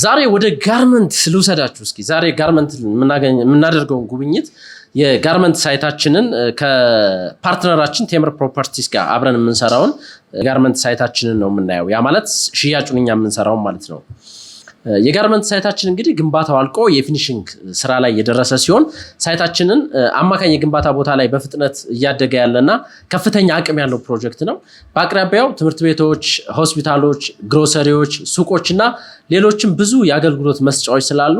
ዛሬ ወደ ጋርመንት ልውሰዳችሁ። እስኪ ዛሬ ጋርመንት የምናደርገውን ጉብኝት የጋርመንት ሳይታችንን ከፓርትነራችን ቴምር ፕሮፐርቲስ ጋር አብረን የምንሰራውን ጋርመንት ሳይታችንን ነው የምናየው። ያ ማለት ሽያጩን እኛ የምንሰራውን ማለት ነው። የጋርመንት ሳይታችን እንግዲህ ግንባታው አልቆ የፊኒሽንግ ስራ ላይ የደረሰ ሲሆን ሳይታችንን አማካኝ የግንባታ ቦታ ላይ በፍጥነት እያደገ ያለና ከፍተኛ አቅም ያለው ፕሮጀክት ነው። በአቅራቢያው ትምህርት ቤቶች፣ ሆስፒታሎች፣ ግሮሰሪዎች፣ ሱቆች እና ሌሎችም ብዙ የአገልግሎት መስጫዎች ስላሉ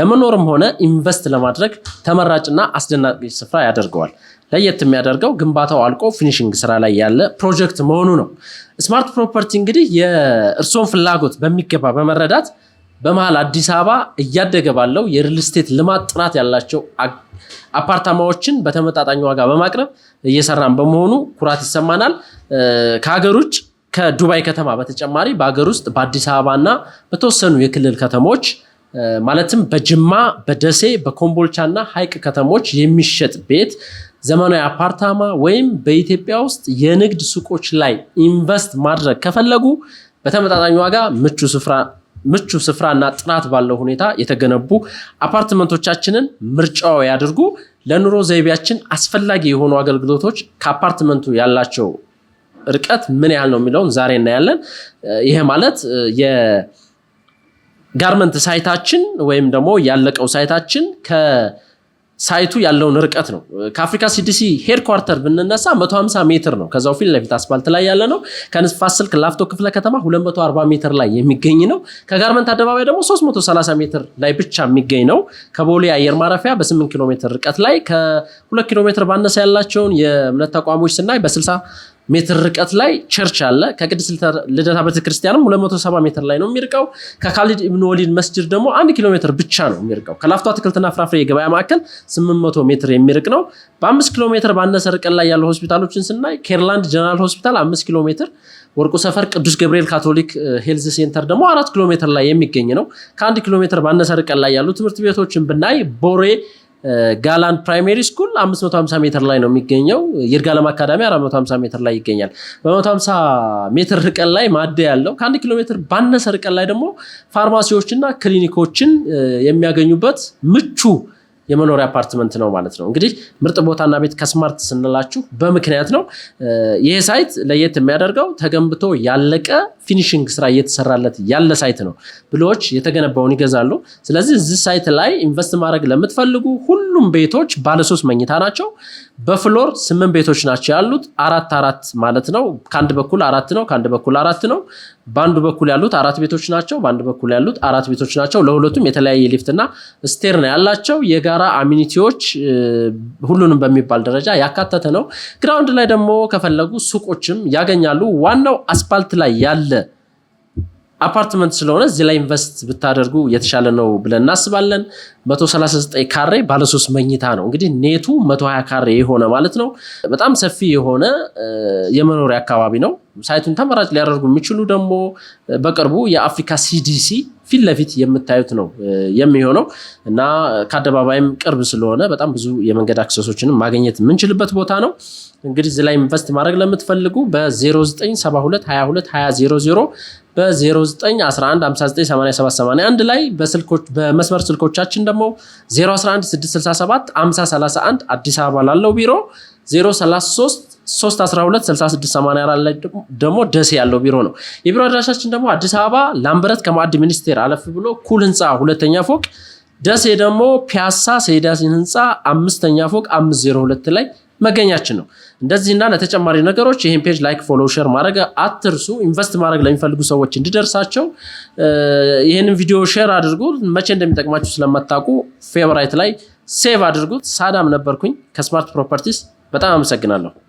ለመኖርም ሆነ ኢንቨስት ለማድረግ ተመራጭና አስደናቂ ስፍራ ያደርገዋል። ለየት የሚያደርገው ግንባታው አልቆ ፊኒሽንግ ስራ ላይ ያለ ፕሮጀክት መሆኑ ነው። ስማርት ፕሮፐርቲ እንግዲህ የእርስዎን ፍላጎት በሚገባ በመረዳት በመሃል አዲስ አበባ እያደገ ባለው የሪል ስቴት ልማት ጥራት ያላቸው አፓርታማዎችን በተመጣጣኝ ዋጋ በማቅረብ እየሰራን በመሆኑ ኩራት ይሰማናል። ከሀገር ውጭ ከዱባይ ከተማ በተጨማሪ በሀገር ውስጥ በአዲስ አበባና በተወሰኑ የክልል ከተሞች ማለትም በጅማ፣ በደሴ፣ በኮምቦልቻና ሀይቅ ከተሞች የሚሸጥ ቤት ዘመናዊ አፓርታማ ወይም በኢትዮጵያ ውስጥ የንግድ ሱቆች ላይ ኢንቨስት ማድረግ ከፈለጉ በተመጣጣኝ ዋጋ ምቹ ስፍራ ምቹ ስፍራና ጥራት ባለው ሁኔታ የተገነቡ አፓርትመንቶቻችንን ምርጫው ያድርጉ። ለኑሮ ዘይቤያችን አስፈላጊ የሆኑ አገልግሎቶች ከአፓርትመንቱ ያላቸው ርቀት ምን ያህል ነው የሚለውን ዛሬ እናያለን። ይሄ ማለት የጋርመንት ሳይታችን ወይም ደግሞ ያለቀው ሳይታችን ከ ሳይቱ ያለውን ርቀት ነው። ከአፍሪካ ሲዲሲ ሄድኳርተር ብንነሳ 150 ሜትር ነው። ከዛው ፊት ለፊት አስፋልት ላይ ያለ ነው። ከንፋስ ስልክ ላፍቶ ክፍለ ከተማ 240 ሜትር ላይ የሚገኝ ነው። ከጋርመንት አደባባይ ደግሞ 330 ሜትር ላይ ብቻ የሚገኝ ነው። ከቦሌ አየር ማረፊያ በ8 ኪሎ ሜትር ርቀት ላይ ከ2 ኪሎ ሜትር ባነሳ ያላቸውን የእምነት ተቋሞች ስናይ በ60 ሜትር ርቀት ላይ ቸርች አለ። ከቅድስት ልደታ ቤተክርስቲያንም 270 ሜትር ላይ ነው የሚርቀው። ከካሊድ ኢብኑ ወሊድ መስጅድ ደግሞ አንድ ኪሎ ሜትር ብቻ ነው የሚርቀው። ከላፍቶ አትክልትና ፍራፍሬ የገበያ ማዕከል 800 ሜትር የሚርቅ ነው። በአምስት ኪሎ ሜትር ባነሰ ርቀት ላይ ያሉ ሆስፒታሎችን ስናይ ኬርላንድ ጀነራል ሆስፒታል አምስት ኪሎ ሜትር፣ ወርቁ ሰፈር ቅዱስ ገብርኤል ካቶሊክ ሄልዝ ሴንተር ደግሞ አራት ኪሎ ሜትር ላይ የሚገኝ ነው። ከአንድ ኪሎ ሜትር ባነሰ ርቀት ላይ ያሉ ትምህርት ቤቶችን ብናይ ቦሬ ጋላንድ ፕራይሜሪ ስኩል 550 ሜትር ላይ ነው የሚገኘው። ይርጋለም አካዳሚ 450 ሜትር ላይ ይገኛል። በ150 ሜትር ርቀት ላይ ማደ ያለው ከአንድ ኪሎ ሜትር ባነሰ ርቀት ላይ ደግሞ ፋርማሲዎችና ክሊኒኮችን የሚያገኙበት ምቹ የመኖሪያ አፓርትመንት ነው ማለት ነው። እንግዲህ ምርጥ ቦታና ቤት ከስማርት ስንላችሁ በምክንያት ነው። ይህ ሳይት ለየት የሚያደርገው ተገንብቶ ያለቀ ፊኒሽንግ ስራ እየተሰራለት ያለ ሳይት ነው። ብሎዎች የተገነባውን ይገዛሉ። ስለዚህ እዚህ ሳይት ላይ ኢንቨስት ማድረግ ለምትፈልጉ ሁሉም ቤቶች ባለሶስት መኝታ ናቸው። በፍሎር ስምንት ቤቶች ናቸው ያሉት፣ አራት አራት ማለት ነው። ከአንድ በኩል አራት ነው፣ ከአንድ በኩል አራት ነው። በአንዱ በኩል ያሉት አራት ቤቶች ናቸው፣ በአንድ በኩል ያሉት አራት ቤቶች ናቸው። ለሁለቱም የተለያየ ሊፍትና ስቴር ነው ያላቸው የጋ የጋራ አሚኒቲዎች ሁሉንም በሚባል ደረጃ ያካተተ ነው። ግራውንድ ላይ ደግሞ ከፈለጉ ሱቆችም ያገኛሉ። ዋናው አስፓልት ላይ ያለ አፓርትመንት ስለሆነ እዚህ ላይ ኢንቨስት ብታደርጉ የተሻለ ነው ብለን እናስባለን። 139 ካሬ ባለሶስት መኝታ ነው እንግዲህ ኔቱ 120 ካሬ የሆነ ማለት ነው። በጣም ሰፊ የሆነ የመኖሪያ አካባቢ ነው። ሳይቱን ተመራጭ ሊያደርጉ የሚችሉ ደግሞ በቅርቡ የአፍሪካ ሲዲሲ ፊት ለፊት የምታዩት ነው የሚሆነው እና ከአደባባይም ቅርብ ስለሆነ በጣም ብዙ የመንገድ አክሰሶችንም ማግኘት የምንችልበት ቦታ ነው። እንግዲህ እዚህ ላይ ኢንቨስት ማድረግ ለምትፈልጉ በ0972222000 በ0911598781 ላይ በመስመር ስልኮቻችን ደግሞ 0116675031 አዲስ አበባ ላለው ቢሮ 033 3126684 ደግሞ ደሴ ያለው ቢሮ ነው። የቢሮ አድራሻችን ደግሞ አዲስ አበባ ላምበረት ከማዕድ ሚኒስቴር አለፍ ብሎ ኩል ህንፃ ሁለተኛ ፎቅ፣ ደሴ ደግሞ ፒያሳ ሰሄዳሲን ህንፃ አምስተኛ ፎቅ 502 ላይ መገኛችን ነው። እንደዚህና ለተጨማሪ ነገሮች ይህን ፔጅ ላይክ፣ ፎሎ፣ ሼር ማድረግ አትርሱ። ኢንቨስት ማድረግ ለሚፈልጉ ሰዎች እንዲደርሳቸው ይህንን ቪዲዮ ሼር አድርጉ። መቼ እንደሚጠቅማችሁ ስለማታውቁ ፌቨራይት ላይ ሴቭ አድርጉት። ሳዳም ነበርኩኝ ከስማርት ፕሮፐርቲስ። በጣም አመሰግናለሁ።